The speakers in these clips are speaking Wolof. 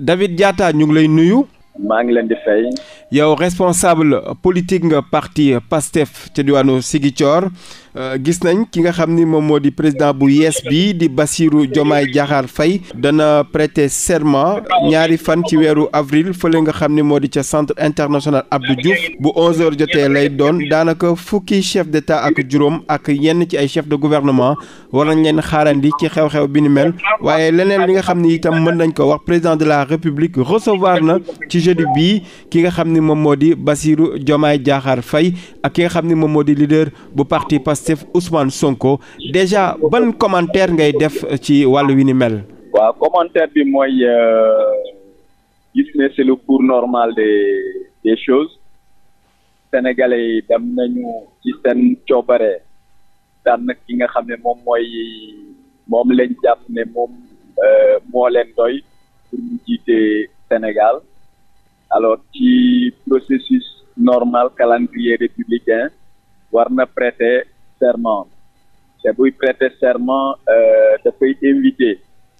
David jaata ñu ngi lay nuyu. maa ngi leen di yow responsable politique nga parti PASTEF ca diwaanu Ziguinchor Euh, gis nañ ki nga xam ni moom moo di président bu yees bii di Bassirou jomaay Diakhar Faye dana prêter serment ñaari fan ci weeru avril fële nga xam ni moo di ca centre international Abdou Diouf bu 11h jotee lay doon daanaka fukki chef d'état ak juróom ak yenn ci ay chef de gouvernement war nañ leen xaarandi ci xew-xew bi ni mel waaye leneen li nga xam ni itam mën nañ ko wax président de la république recevoir na ci jeudi bii ki nga xam ni moom moo di Bassirou Diomaye Diakhar Faye ak ki nga xam ni moom moo di leader Pastef Ousmane Sonko déjà ban commentaire ngay def ci wàll wi ni mel. waaw commentaire bi mooy euh, gis ne ci le cours normal des des choses yi dem nañu ci seen coobare daan nag ki nga xam ne moom mooy moom lañ jàpp ne moom euh, moo leen doy pour mu jiite Sénégal alors ci processus normal calendrier républicain war na prêter serment te buy prêter serment euh, dafay invité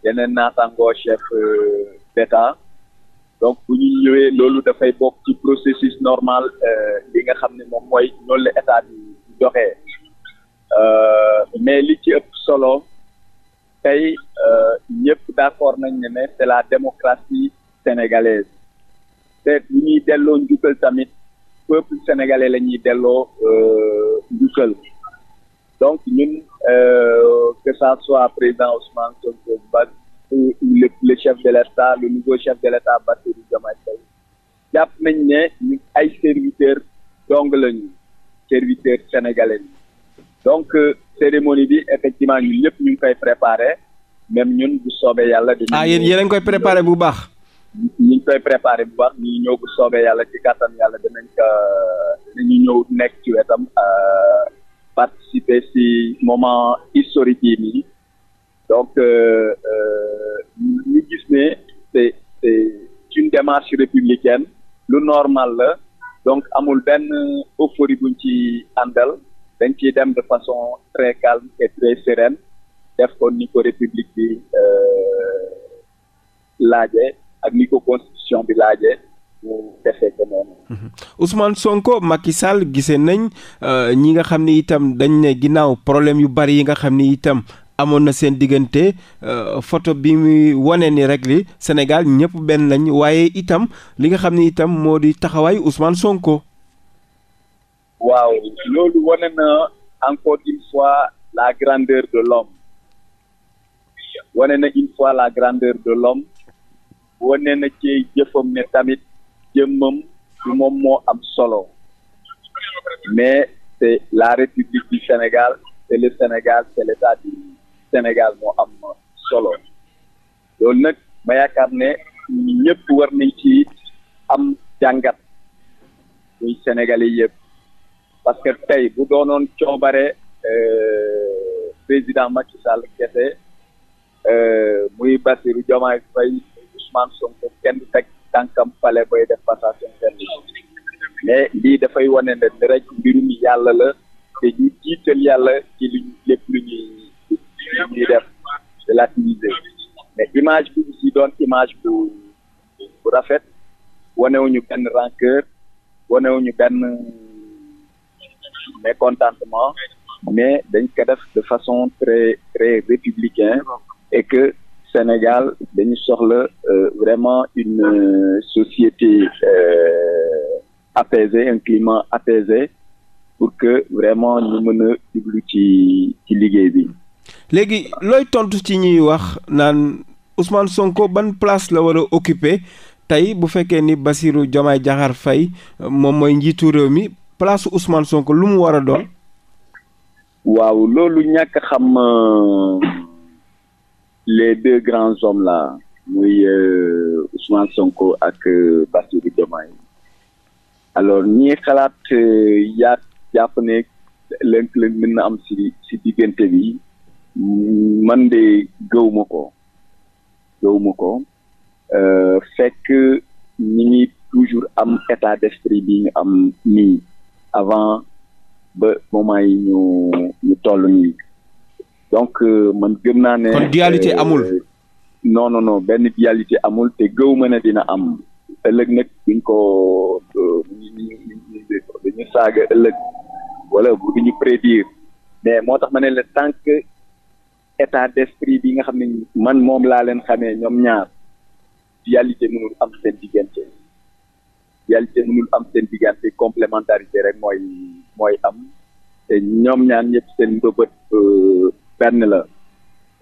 yeneen naataangoo chef euh, d'État donc bu ñu ñëwee loolu dafay bokk ci processus normal euh, li nga xam ne moom mooy noonu la état bi doxee mais li ci ëpp solo tey ñëpp d'accord nañ ne ne c'est la démocratie sénégalaise te bu ñuy delloo njukkal tamit peuple sénégalais la ñuy delloo njukkal donc ñun euh, que ça soit président Ousmane Sonko ba ou le, le chef de l'État le nouveau chef de l'État Bassirou Diomaye Faye jàpp nañ ne ñu ay serviteurs dong lañu serviteurs sénégalais donc euh, cérémonie bi effectivement ñun ñëpp ñu ngi koy préparé même ñun bu soobee yàlla. dinañ ah yéen yéen ngi koy préparé bu baax. ñu ngi koy préparé bu baax ñu ñëw bu soobee yàlla ci kàttan yàlla dinañ ko dinañu ñëw nekk ci wetam. Euh, participer ci moment historique yi nii donc euh, euh, ñu gis ne c'est c'est une démarche républicaine lu normal la donc amul benn euphorie buñ ci àndal dañ ciy dem de façon très calme et très sereine def ko ni ko république bi euh, laaje ak ni ko constitution bi laaje ñu defee ko noonu. Ousmane Sonko Macky Sall gisee nañ euh, ñi nga xam ni itam dañ ne ginnaaw problème yu bari yi nga xam ni itam amoon na seen diggante euh, photo bi muy wane ni rek li Sénégal ñëpp benn nañ waaye itam li nga xam ni itam moo di taxawaay Ousmane Sonko. waaw loolu wane na encore une fois la grandeur de l'homme wane na une fois la grandeur de l'homme wane na ci jëfam ne tamit. jëmmam moom moo am solo mais c'est la République du Sénégal c'est le Sénégal c'est l'État du Sénégal moo am solo loolu nag ma yaakaar ne ñëpp war nañ ci am jàngat muy Sénégalais yëpp parce que tey bu doonoon coobare euh, président Macky Sall kese euh, muy Bassirou Diomaye Faye Ousmane Sonko kenn teg tànkam pale bay def passation service mais lii dafay wane ne rek mbirum yàlla la te ñu jiital yàlla ci luñ lépp lu ñuy ñuy def de l'activité mais image bi si doon image bu bu rafet wanewuñu benn rancœur wanewuñu benn mécontentement mais dañ ko def de façon très très républicain et que Sénégal dañu soxla euh, vraiment une euh, société euh, apaisée un climat apaisé pour que vraiment ñu mën a jublu ci liggéey bi. léegi looy tontu ci ñuy wax naan Ousmane Sonko ban place la war a occuper tey bu fekkee ni Bassirou Diomaye Diakhar fay moom mooy njiitu réew mi place Ousmane Sonko lu mu war a doon. waaw loolu ñàkk xam. les deux grands hommes là muy euh, Ousmane Sonko ak euh, Bassirou Diomaye alors ñi xalaat euh, yaa jàpp ne lënk-lënk na am si si diggante bi man de gëw ma ko gëw ma ko euh, fekk ñi toujours am état d'esprit bi ñu am nii avant ba moment yi ñu toll nii donc euh, man gëm naa ne. kon dualité euh, amul. non non non benn dualité amul te gëw ma ne dina am ëllëg nag buñ ko euh, ñu saaga ëllëg wala bu ñu prédire mais moo tax ma ne la tant que état d'esprit bi nga xam ne man moom laa leen xamee ñoom ñaar dualité mënul am seen diggante dualité mënul am seen diggante complémentarité rek mooy mooy am te ñoom ñaan ñëpp seen mbëbët benn la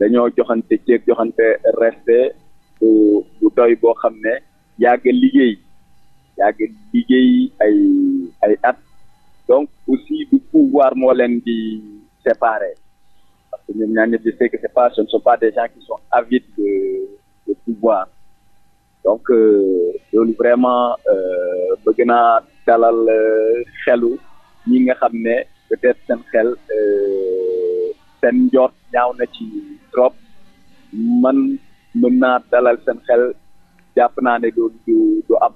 dañoo joxante ceeb joxante respect bu doy boo xam ne yàgg liggéey yàgg liggéey ay ay at donc aussi du pouvoir moo leen di séparer parce que ñoom ñaar ñëpp je sais que c'est pas ce ne sont pas des gens qui sont avides de pouvoir donc euh, loolu vraiment euh, bëgg na dalal euh, xelu ñi nga xam ne peut-être seen xel. seen njoot ñaaw na ci trop man mën naa dalal seen xel jàpp naa ne du du am.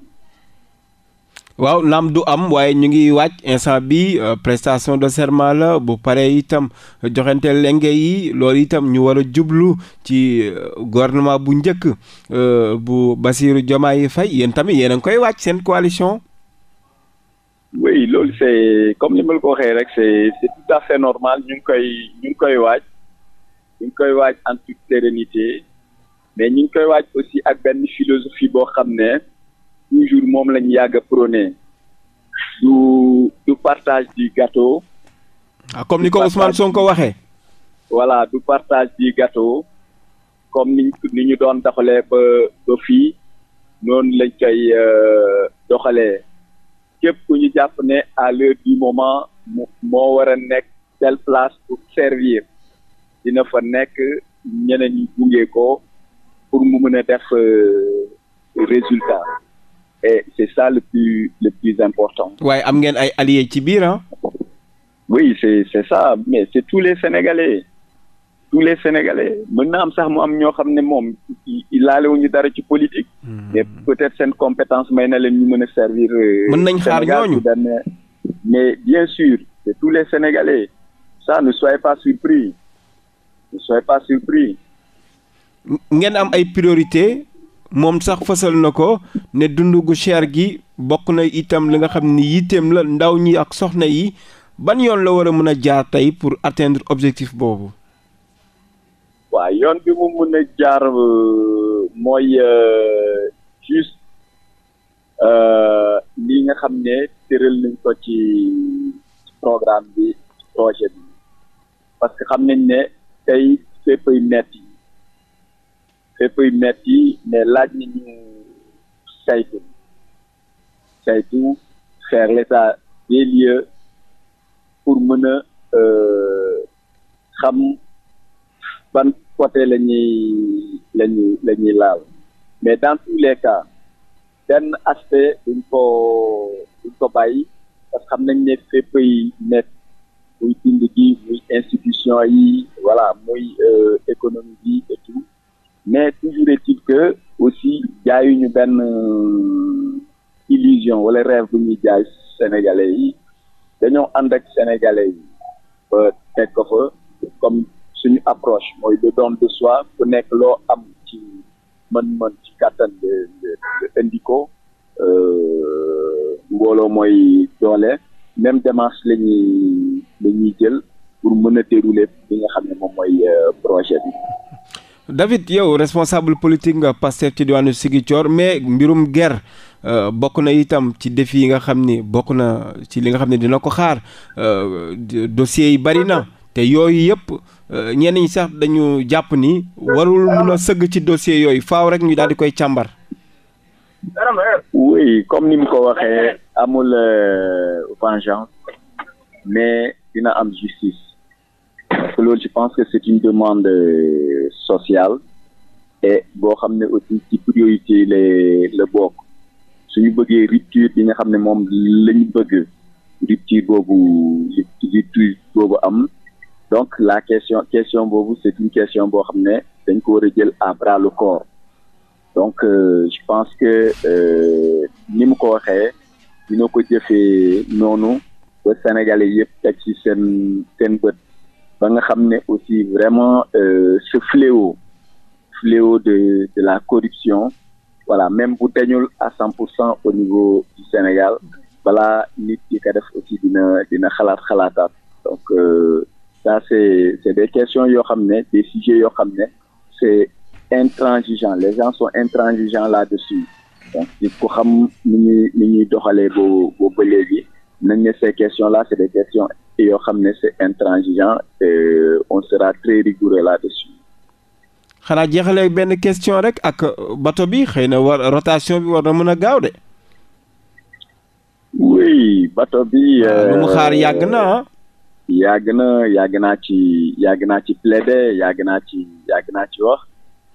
waaw naam du am waaye ñu ngi wàcc instant bi euh, prestation de serment la bu paree itam joxante lenge yi loolu itam ñu war a jublu ci euh, gouvernement bu njëkk euh, bu Bassirou yi Faye yéen tamit yéen a ngi koy wàcc seen coalition. oui loolu c' comme ni ma ko waxee rek c' est tout à fait normal ñu ngi koy ñu ngi koy waaj ñu ngi koy waaj en toute sérénité mais ñu ngi koy waaj aussi ak benn philosophie boo xam ne toujours moom lañu ñu yàgg a prôné du du partage du gâteau. ah ni ko Ousmane ko waxee. voilà du partage du gâteau comme ni ñu doon doxalee ba ba fii noonu lañ koy euh, doxalee. képp ku ñu jàpp ne à l'heure du moment mu moo war a nekk telle place pour servir dina fa nekk ñeneen ñi gunge ko pour mu mën a def euh, résultat et c'est ça le plus le plus important. waaye am ngeen ay alliés ci biir ah. oui c'est c'est ça mais c'est tous les Sénégalais. tous les sénégalais mën na am sax mu am ñoo xam ne moom laalewuñu dara ci politique. Hmm. mais peut-être seen compétence may na leen ñu mën a servir. Euh, mën nañ xaar ñooñu mais bien sûr c'est tous les sénégalais ça ne soyez pas surpris ne soyez pas surpris. ngeen am ay priorité moom sax fësal na ko ne dund gu cher gi bokk na itam li nga xam ni yitteem la ndaw ñi ak soxna yi ban yoon la war a mën a jaar tey pour atteindre objectif boobu. waaw yoon bi mu mun a jaar euh, mooy euh, juste euh, li nga xam ne tëral nañ ko ci programme bi projet bi parce que xam nañ ne tey féppay metti féppay metti mais laaj nañu saytu saytu faire l'état des lieux pour mën a xam ban côté la ñuy la ñuy la laal mais dans tous les cas benn aspect duñ ko duñ ko bàyyi parce que xam nañ ne fépp yi nekk muy dund muy institution yi voilà muy euh, économie bi et tout mais toujours est-il que aussi jaayuñu benn euh, illusion wala rêve bu ñuy jaay sénégalais yi dañoo ànd ak sénégalais yi ba teg comme suñu approche mooy le don de soi ku nekk loo am ci mën-mën ci kàttan de indi euh, mbooloo mooy doole même démarche la ñuy jël pour mën a dérouler li nga xam ne moom mooy euh, projet bi. David yow responsable politique nga Pastef ci diwaanu Ziguinchor mais mbirum guerre euh, bokk na itam ci défi yi nga xam ni bokk na ci li nga xam ne dina ko xaar dossier yi bari na. te yooyu yëpp euh, ñenn ñi sax dañu jàpp ni warul mun a sëgg ci dossier yooyu faaw rek ñu daal di koy càmbar. oui comme ni mu ko waxee amul euh, vengeance mais dina am justice parce que loolu je pense que c'est une demande euh, sociale et boo xam ne aussi ci priorité la la bokk suñu bëggee rupture bi nga xam ne moom lañu bëgg rupture boobu rupture boobu am donc la question question boobu c'est une question boo xam ne dañ ko war a jël à bras le corps donc euh, je pense que euh, ni ko waxee dina ko jëfee noonu ba sénégalais yëpp teg ci seen seen bët ba nga xam ne aussi vraiment euh, ce fléau fléau de de la corruption voilà même bu dañul à cent pour cent au niveau du Sénégal balaa nit ki ko def aussi dina dina xalaat xalaataat donc euh, ça c'est c'est des questions yoo xam ne des sujets yoo xam ne c'est intransigeant les gens sont intransigeants là-dessus donc ku xam ni ñuy ni ñuy doxalee boobu ba léegi nañ ne ces questions la c'est des questions yoo xam ne c'est intransigeant et on sera très rigoureux là-dessus. xanaa jeexalee benn question rek ak bato bi xëy na war rotation bi war na mën a gaaw de. oui bato bi. Ah, lu euh, xaar yàgg na ah. yàgg na yàgg naa ci yàgg naa ci plaider yàgg naa ci yàgg naa ci wax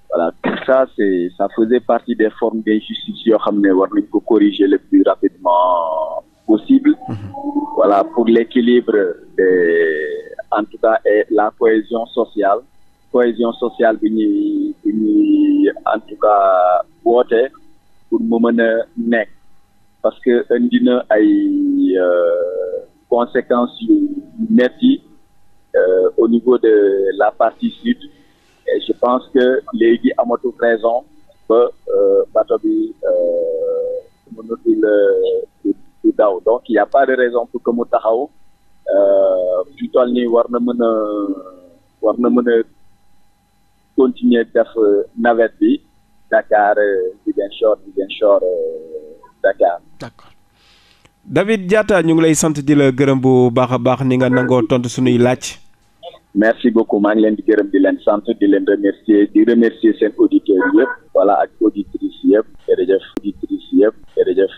voilà tout ça c'est ça faisait partie des formes d'injustice yoo xam ne war nañ ko corriger le plus rapidement possible mm-hmm. voilà pour l'équilibre des en tout cas et la cohésion sociale cohésion sociale bi ñuy en tout cas woote pour mu mën a nekk parce que indi ay euh, conséquences yu metti euh, au niveau de la partie sud et je pense que léegi amatu raison ba euh, bateau bi euh, mënatul du daw donc il pas de raison pour que mu taxaw euh, fi toll nii war na mën a war na mën a continuer def navette bi Dakar Ziguinchor Ziguinchor Dakar. D'accord. David Diatta ñu ngi lay sant di la gërëm bu baax a baax ni nga nangoo tontu suñuy laaj. merci beaucoup maa ngi leen di gërëm di leen sant di leen remercier di remercier seen auditeurs yëpp voilà ak auditrices yëpp jërëjëf auditrices yëpp jërëjëf.